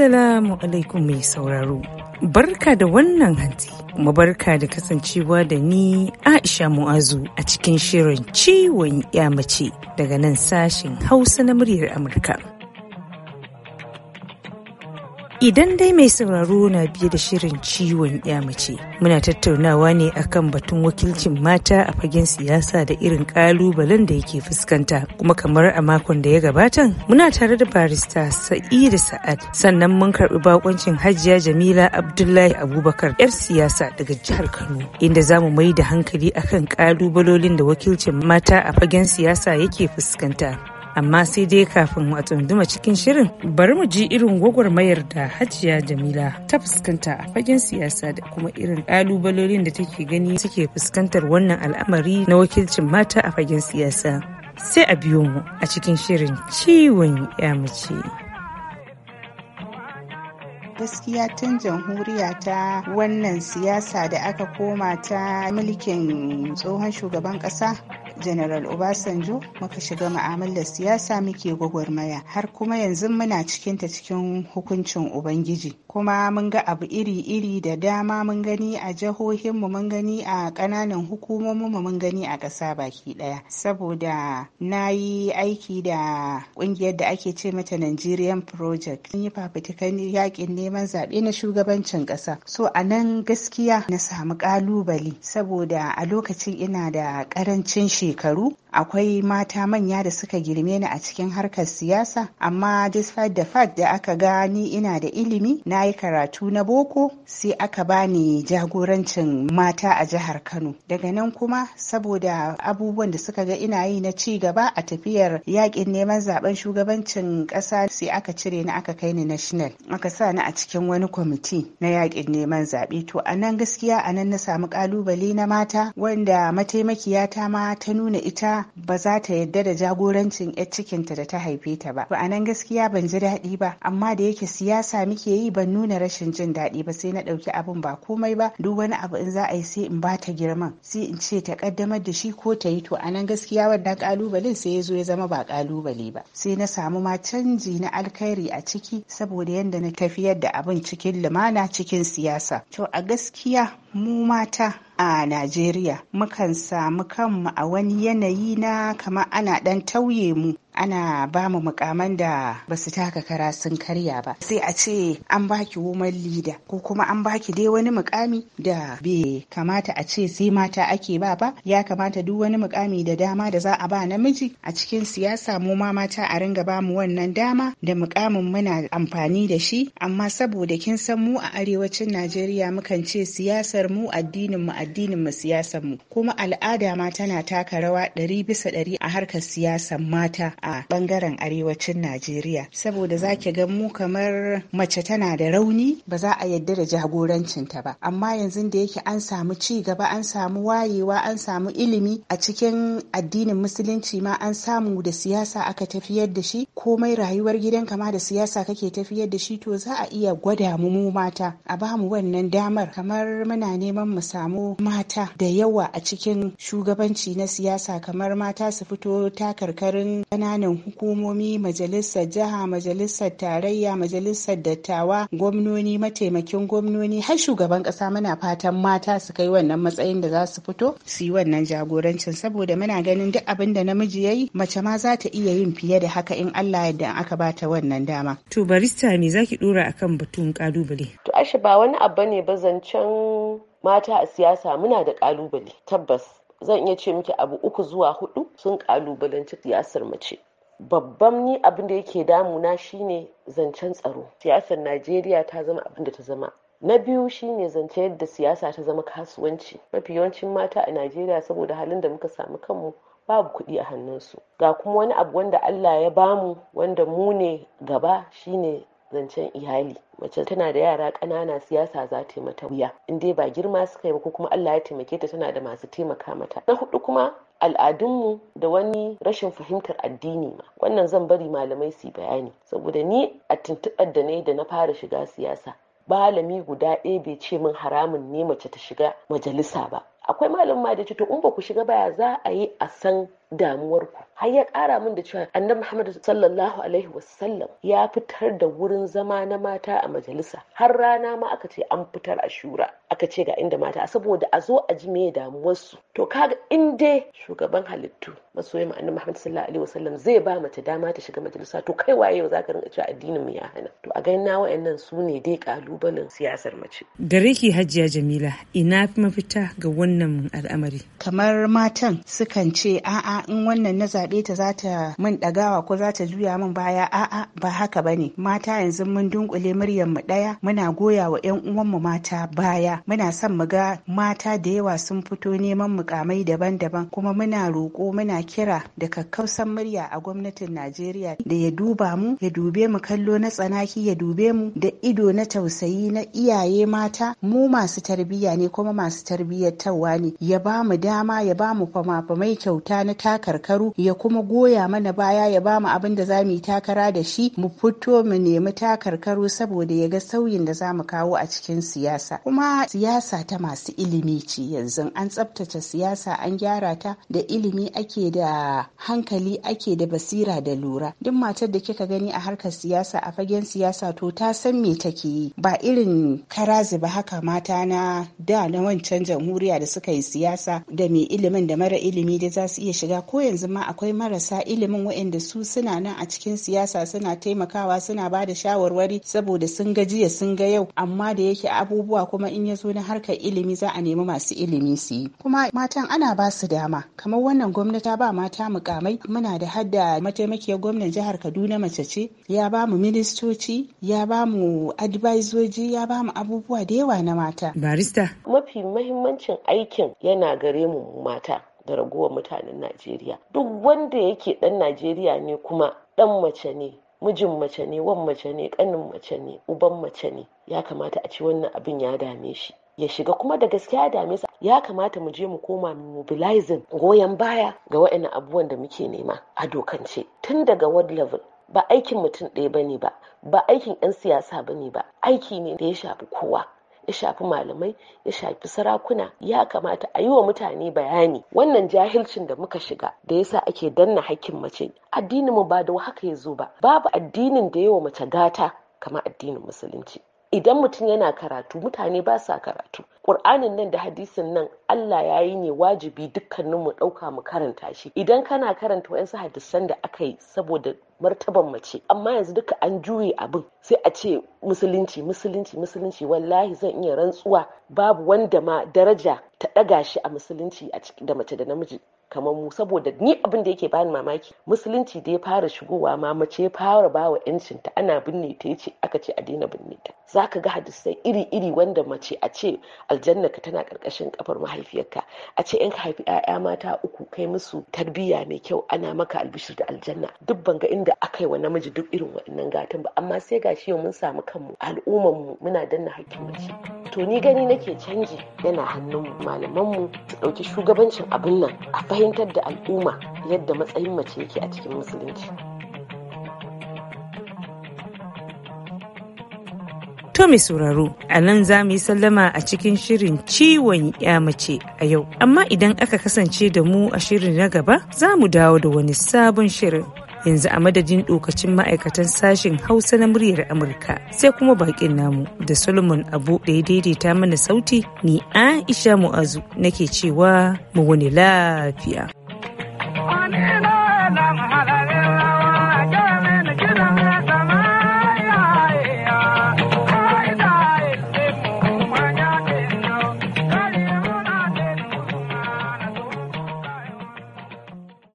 Assalamu alaikum mai sauraro. Barka da wannan hanti, kuma barka da kasancewa da ni Aisha Mu'azu a cikin shirin ciwon ya mace daga nan sashen Hausa na muryar Amurka. Idan dai mai sauraro na biye da shirin ciwon ya mace, muna tattaunawa ne akan batun wakilcin mata a fagen siyasa da irin kalubalen da yake fuskanta. Kuma kamar a makon da ya gabatan, muna tare da barista Sa'ida Sa'ad. Sannan mun karɓi bakoncin Hajiya Jamila Abdullahi Abubakar 'yar siyasa daga jihar Kano, inda za mu mai da hankali akan kalubalolin da wakilcin mata a fagen siyasa yake fuskanta. amma sai dai kafin a duma cikin shirin bari mu ji irin gwagwarmayar da hajiya jamila ta fuskanta a fagen siyasa da kuma irin kalubalolin da take gani suke fuskantar wannan al'amari na wakilcin mata a fagen siyasa sai a biyo mu a cikin shirin ciwon ya mace. gaskiya tun jamhuriya ta wannan siyasa da aka koma ta mulkin tsohon shugaban kasa general obasanjo muka shiga ma'amalar siyasa muke gwagwarmaya har kuma yanzu muna cikin ta cikin hukuncin ubangiji kuma mun ga abu iri-iri da dama mun gani a jihohinmu mun gani a ƙananan hukumominmu mun gani a ƙasa baki ɗaya saboda na yi aiki da ƙungiyar da ake ce mata nigerian project Mun yi fafutukan yakin neman zaɓe na shugabancin ƙasa so a nan gaskiya na samu ƙalubale saboda a lokacin ina da ƙarancin shi shekaru akwai mata manya da suka girme ni a cikin harkar siyasa amma despite the fact da aka ga ni ina da ilimi na yi karatu na boko sai aka bani jagorancin mata a jihar kano daga nan kuma saboda abubuwan da suka ga ina yi na ci gaba a tafiyar yakin neman zaben shugabancin kasa sai aka cire ni aka kai ni national aka sa ni a cikin wani kwamiti na yakin neman zaɓe to a nan gaskiya a nan na samu kalubale na mata wanda mataimakiyata ma ta nuna ita ba za ta yarda da jagorancin 'yar cikinta da ta haife ta ba. Ba a nan gaskiya ban ji daɗi ba amma da yake siyasa muke yi ban nuna rashin jin daɗi ba sai na ɗauki abin ba komai ba duk wani abu in za a yi sai in ba ta girman sai in ce ta ƙaddamar da shi ko ta yi to a nan gaskiya wannan ƙalubalen sai ya zo ya zama ba ƙalubale ba. Sai na samu ma canji na alkhairi a ciki saboda yadda na tafiyar da abin cikin lumana cikin siyasa. To a gaskiya mu mata a Najeriya mukan samu kanmu a wani yanayi na kama ana ɗan tauye mu ana ba mu mukaman da ba su taka kara sun karya ba sai a ce an baki woman leader ko kuma an baki dai wani mukami da bai kamata a ce sai mata ake ba ba ya kamata duk wani mukami da dama da za a ba namiji a cikin siyasa mu ma mata a ringa ba mu wannan dama da mukamin muna amfani da shi amma saboda kin san mu a arewacin Najeriya mukan ce siyasar mu addinin mu addinin mu siyasar mu kuma al'ada ma tana taka rawa ɗari bisa ɗari a harkar siyasar mata a bangaren arewacin Najeriya saboda za ga mu kamar mace tana da rauni ba za a yadda da jagorancinta ba amma yanzu da yake an samu ci gaba an samu wayewa an samu ilimi a cikin addinin musulunci ma an samu da siyasa aka tafiyar da shi komai rayuwar gidan kama da siyasa kake tafiyar da shi to za a iya gwada mu mu mata a ba mu wannan damar kamar muna neman mu samu mata da yawa a cikin shugabanci na siyasa kamar mata su fito takarkarin ƙananan hukumomi majalisar jiha majalisar tarayya majalisar dattawa gwamnoni mataimakin gwamnoni har shugaban ƙasa muna fatan mata su kai wannan matsayin da za su fito su yi wannan jagorancin saboda muna ganin duk abin da namiji ya yi mace ma za ta iya yin fiye da haka in Allah yadda aka ba ta wannan dama. To barista me zaki dora kan batun kalubale? To ashe ba wani abu ne ba zancen mata a siyasa muna da kalubale tabbas zan iya ce miki abu uku zuwa hudu sun kalubalanci siyasar mace babban ni abin da yake damuna shine zancen tsaro siyasar najeriya ta zama abin da ta zama na biyu shine zance yadda siyasa ta zama kasuwanci mafi yawancin mata a najeriya saboda halin da muka samu kanmu babu kuɗi a hannunsu ga kuma wani abu wanda allah ya bamu wanda mu ne gaba shine zancen iyali mace tana da yara ƙanana siyasa za ta mata wuya in dai ba girma suka yi ko kuma Allah ya taimake ta tana da masu taimaka mata na hudu kuma al'adunmu da wani rashin fahimtar addini ma wannan zan bari malamai su bayani saboda ni a tuntuɓar da na da na fara shiga siyasa malami guda ɗaya bai ce min haramun ne mace ta shiga majalisa ba akwai malamin ma da ce in ba ku shiga baya za a yi a san damuwarku har ya kara min da cewa annabi Muhammad sallallahu alaihi wasallam ya fitar da wurin zama na mata a majalisa har rana ma aka ce an fitar a shura aka ce ga inda mata saboda a zo a ji me damuwarsu to kaga in dai shugaban halittu ma annabi Muhammad sallallahu alaihi wasallam zai ba mace dama ta shiga majalisa to kai waye yau zaka rinka cewa addinin mu ya hana to a ga na wayannan su ne dai kalubalen siyasar mace gare ki hajjiya Jamila ina mafita ga wannan al'amari kamar matan sukan ce a'a in wannan na zaɓe ta za ta min ɗagawa ko za ta juya min baya a'a ba haka ba ne mata yanzu mun dunkule muryar mu ɗaya muna goya wa 'yan uwanmu mata baya muna son mu ga mata da yawa sun fito neman mukamai daban-daban kuma muna roƙo muna kira da kakkausan murya a gwamnatin Najeriya da ya duba mu ya dube mu kallo na tsanaki ya dube mu da ido na tausayi na iyaye mata mu masu tarbiyya ne kuma masu tarbiyyar tawa ne ya ba mu dama ya ba mu fama-famai kyauta na takarkaru ya kuma goya mana baya ya bamu abin da za mu yi takara da shi mu fito mu nemi takarkaru saboda ya ga sauyin da za mu kawo a cikin siyasa kuma siyasa ta masu ilimi ce yanzu an tsabtace siyasa an gyara ta da ilimi ake da hankali ake da basira da lura duk matar da kika gani a harkar siyasa a fagen siyasa to ta san me take yi ba irin karazi ba haka mata na da na wancan jamhuriya da suka yi siyasa da mai ilimin da mara ilimi da za su iya shiga A ko yanzu ma akwai marasa ilimin waɗanda su suna nan a cikin siyasa suna taimakawa suna ba da shawarwari saboda sun ga jiya sun ga yau amma da yake abubuwa kuma in ya zo na harkar ilimi za a nemi masu ilimi su yi kuma matan ana ba su dama kamar wannan gwamnati ba mata mukamai muna da hadda mataimakiyar gwamnan jihar kaduna mace ce ya ba mu ministoci ya ba mu advisoji ya ba mu abubuwa da yawa na mata barista mafi mahimmancin aikin yana gare mu mata da ragowar mutanen Najeriya. Duk wanda yake ɗan Najeriya ne kuma ɗan mace ne, mijin mace ne, wan mace ne, ƙanin mace ne, uban mace ne. Ya kamata a ci wannan abin ya dame shi. ya shiga kuma da gaskiya dame sa ya kamata mu je mu koma mobilizing goyon baya ga waɗannan abubuwan da muke nema a dokance tun daga world level ba aikin mutum ɗaya bane ba ba aikin 'yan siyasa bane ba aiki ne da ya shafi kowa ya shafi malamai ya shafi sarakuna ya kamata a yi wa mutane bayani wannan jahilcin da muka shiga da yasa ake danna hakkin mace addinin mu ba da haka ya zo ba babu addinin da yawa mace gata kamar addinin musulunci idan mutum yana karatu mutane ba sa karatu ƙur'anin nan da hadisin nan Allah ya yi ne wajibi dukkanin mu ɗauka mu karanta shi idan kana karanta wayansu hadisan da aka yi saboda martaban mace amma yanzu duka an juye abin sai a ce musulunci musulunci musulunci wallahi zan iya rantsuwa babu wanda ma daraja ta ɗaga shi a musulunci da mace da namiji kamar mu saboda ni abin da yake bani mamaki musulunci da ya fara shigowa ma mace ya fara bawa yancin ta ana binne ta yace aka ce a daina binne ta zaka ga hadisai iri-iri wanda mace a ce aljannaka tana karkashin kafar mahaifiyarka a ce in ka haifi 'ya'ya mata uku kai musu tarbiyya mai kyau ana maka albishir da aljanna duk banga inda aka yi wa namiji duk irin waɗannan gatan ba amma sai gashi yau mun samu kanmu al'ummar mu muna danna hakkin mace. to ni gani nake canji yana hannun malamanmu su ɗauki shugabancin abin nan a fahimtar da al'umma yadda matsayin mace yake a cikin musulunci To mai sauraro, a nan za mu yi sallama a cikin shirin ciwon ya mace a yau. Amma idan aka kasance da mu a shirin na gaba, za mu dawo da wani sabon shirin. yanzu a madadin dokacin ma'aikatan sashen hausa na muryar amurka sai kuma bakin namu da solomon abu da ya daidaita mana sauti ni aisha mu'azu nake cewa mu wani lafiya